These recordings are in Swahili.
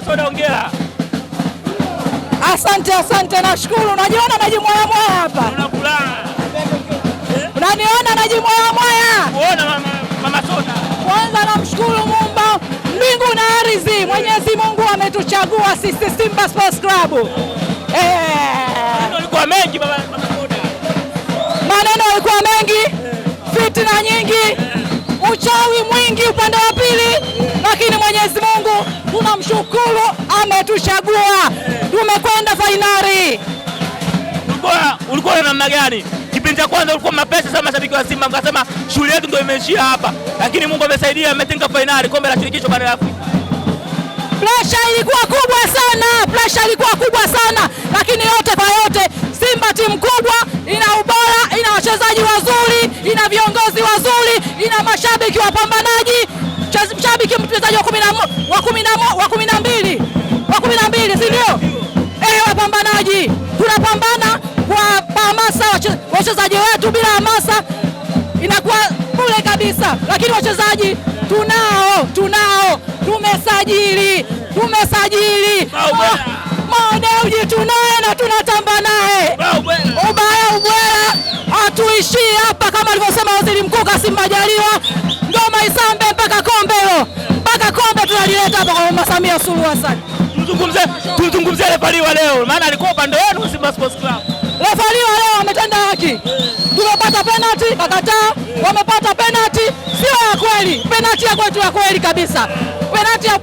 Hongera soda, hongera. Asante, asante, nashukuru. Unajiona najimwaya mwaya hapa, unaniona najimwaya mwaya. Mama mama soda, kwanza namshukuru Mungu mbingu na ardhi, Mwenyezi Mungu ametuchagua sisi Simba Sports Club. mengi eh. Maneno yalikuwa mengi, fitina nyingi, eh. uchawi mwingi upande wa pili, lakini Mwenyezi tunamshukuru ametuchagua, tumekwenda fainali. Ulikuwa na namna gani kipindi cha kwanza? Ulikuwa mapesa sana mashabiki wa Simba, mkasema shughuli yetu ndio imeishia hapa, lakini Mungu amesaidia, ametinga fainali kombe la shirikisho bara la Afrika. Presha ilikuwa kubwa sana, presha ilikuwa kubwa sana, lakini yote kwa yote, Simba timu kubwa, ina ubora, ina wachezaji wazuri, ina viongozi wazuri, ina mashabiki wapambanaji, mchezaji wa kumi na wa kumi na mbili, si ndio? Eh, wapambanaji tunapambana kwa hamasa, wachezaji wetu bila hamasa inakuwa bure kabisa, lakini wachezaji tunao, tunao, tumesajili, tumesajili madeuji tunaye na tunatamba naye. Ubaya ubwela hatuishii hapa, kama alivyosema Waziri Mkuu Kassim Majaliwa. hapa kwa Mama Samia Suluhu Hassan. Tuzungumzie tuzungumzie refari wa leo, maana alikuwa upande wenu Simba Sports Club. Refari wa leo ametenda haki, tumepata penalti kakataa, wamepata penalti sio ya kweli, penalti ya kwetu ya kweli kabisa, penalti ya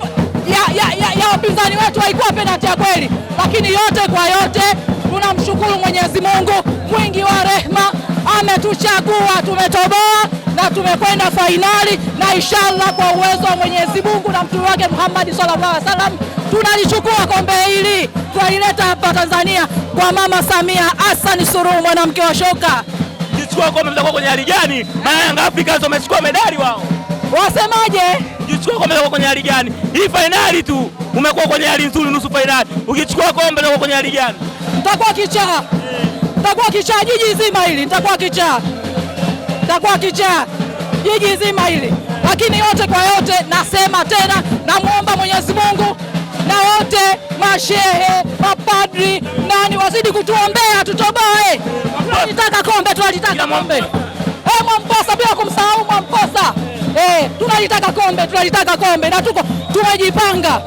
ya wapinzani wetu haikuwa penalti ya kweli, lakini yote kwa yote tunamshukuru Mwenyezi Mungu mwingi wa rehema, ametuchagua tumetoboa na tumekwenda fainali, na inshallah kwa uwezo wa Mwenyezi Mungu na mtume wake Muhammad sallallahu alaihi wasallam tunalichukua kombe hili, tunalileta hapa Tanzania kwa Mama Samia Hassan Suluhu, mwanamke wa shoka. Jichukua kombe, mtakuwa kwenye hali gani? Maana Yanga Africans wamechukua medali wao, wasemaje? Jichukua kombe, mtakuwa kwenye hali gani? Hii fainali tu umekuwa kwenye hali nzuri, nusu fainali. Ukichukua kombe, mtakuwa kwenye hali gani? Mtakuwa kichaa, nitakuwa kichaa, jiji zima hili nitakuwa kichaa takuwa kichaa jiji zima hili. Lakini yote kwa yote, nasema tena, namwomba Mwenyezi Mungu na wote mashehe, mapadri, nani wazidi kutuombea tutoboe. Tunalitaka kombe, tunalitaka kombe. E, Mwamposa, bila kumsahau Mwamposa. E, tunalitaka kombe, tunalitaka kombe na tuko tumejipanga.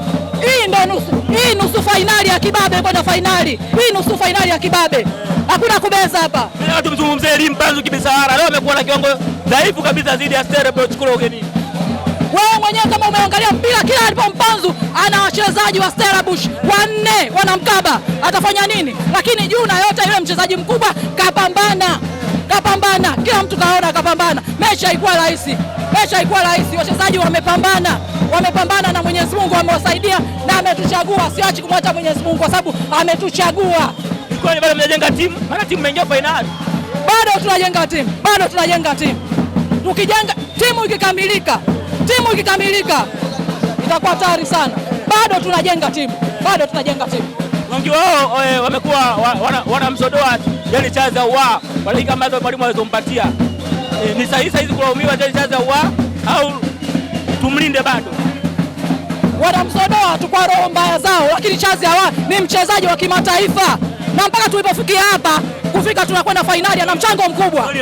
Hii ndo nusu, hii nusu fainali ya kibabe kwenda fainali, hii nusu fainali ya kibabe hakuna kubeza hapa. Leo tumzungumzie elimu bado kibisahara, leo amekuwa na kiwango dhaifu kabisa zidi ya Stella Bochukula ugenini. Wewe mwenyewe kama umeangalia mpira, kila alipo Mpanzu ana wachezaji wa Stella Bush wanne wanamkaba, atafanya nini? Lakini juu na yote, yule mchezaji mkubwa kapambana, kapambana, kila mtu kaona kapambana. Mechi haikuwa rahisi, mechi haikuwa rahisi, wachezaji wamepambana wamepambana na Mwenyezi Mungu amewasaidia na ametuchagua. Siachi kumwacha Mwenyezi Mungu kwa sababu ametuchagua kwani bado mnajenga timu? Maana timu imeingia fainali. Bado tunajenga timu, bado tunajenga timu. Tukijenga timu, ikikamilika, timu ikikamilika itakuwa tayari sana. Bado tunajenga timu, bado tunajenga timu. Wengi wao eh, wamekuwa wanamzodoa Jean Charles Ahoua kwa dakika ambazo mwalimu alizompatia. Eh, ni sahihi sahizi kulaumiwa Jean Charles Ahoua au tumlinde bado? Wanamzodoa tu kwa roho mbaya zao, lakini Charles Ahoua ni mchezaji wa kimataifa na mpaka tulipofikia hapa kufika tunakwenda fainali, ana mchango mkubwa. Goli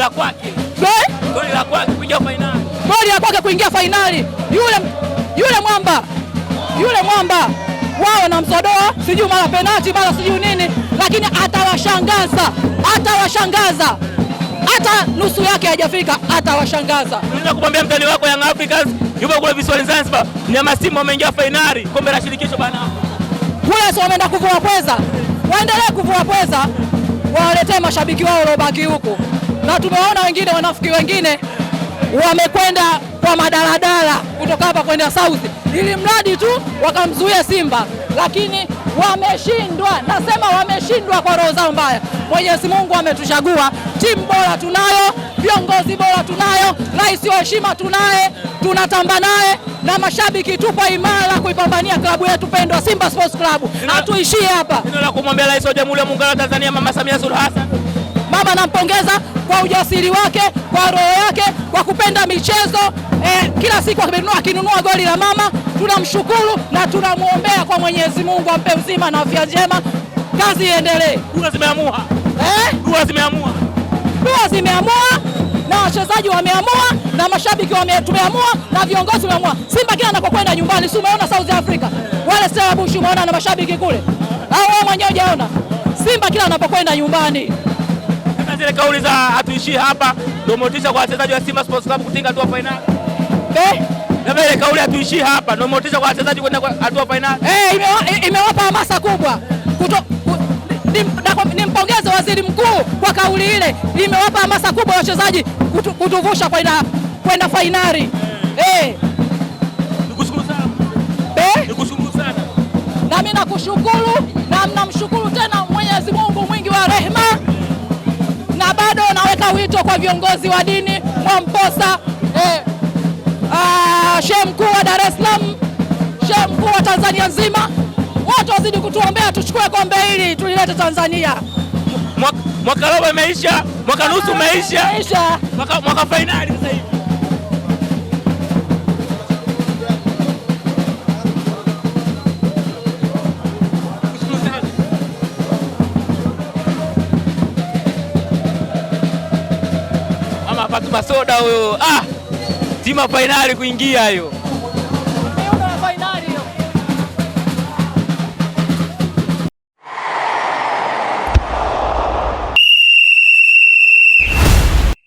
la kwake kuingia fainali, yule yule mwamba yule mwamba wao na msodoa, sijui mara penati mara sijui nini, lakini atawashangaza, atawashangaza hata nusu yake hajafika, atawashangaza. Unaweza kumwambia mtani wako Young Africans yupo kule visiwani Zanzibar, Mnyama Simba wameingia fainali kombe la shirikisho bana, kule si wameenda kuvua kweza waendelee kuvua pweza, wawaletee mashabiki wao waliobaki huku, na tumewaona wengine wanafiki wengine wamekwenda kwa madaladala kutoka hapa kwenda South ili mradi tu wakamzuia Simba, lakini wameshindwa. Nasema wameshindwa kwa roho zao mbaya. Mwenyezi Mungu ametuchagua timu bora tunayo viongozi bora tunayo, rais wa heshima tunaye, tunatamba naye na mashabiki tupo imara kuipambania klabu yetu pendwa Simba Sports Club. Hatuishie hapa. Neno la kumwambia rais wa Jamhuri ya Muungano wa Tanzania Mama Samia Suluhu Hassan. Mama nampongeza kwa ujasiri wake, kwa roho yake, kwa kupenda michezo eh, kila siku akinunua goli la mama tunamshukuru na tunamwombea kwa Mwenyezi Mungu ampe uzima na afya njema, kazi iendelee. Dua zimeamua. Eh? Dua zimeamua pia zimeamua na wachezaji wameamua na mashabiki wame, tumeamua na viongozi wameamua. Simba kila anakokwenda nyumbani, si umeona South Africa wale Bush umeona na mashabiki kule, au wewe mwenyewe hujaona? Simba kila anapokwenda nyumbani. Zile kauli za hatuishii hapa ndio motisha kwa wachezaji wa Simba Sports Club kutinga hatua fainali eh? Labda ile kauli hatuishii hapa ndio motisha kwa wachezaji kwenda hatua fainali eh, imewapa hamasa kubwa kuto Nimpongeze waziri mkuu kwa kauli ile, imewapa hamasa kubwa ya wachezaji kutuvusha kwenda fainali. Eh. Eh. Nami eh? nakushukuru na mnamshukuru tena Mwenyezi Mungu mwingi wa rehema, na bado naweka wito kwa viongozi wa dini Mwamposa, hey. Ah, shehe mkuu wa Dar es Salaam, shehe mkuu wa Tanzania nzima wazidi kutuombea tuchukue kombe hili tulilete Tanzania. Mwaka robo imeisha, mwaka nusu umeisha, mwaka, mwaka fainali sasa hivi. Fatuma Soda huyo, ah, tima fainali kuingia hiyo.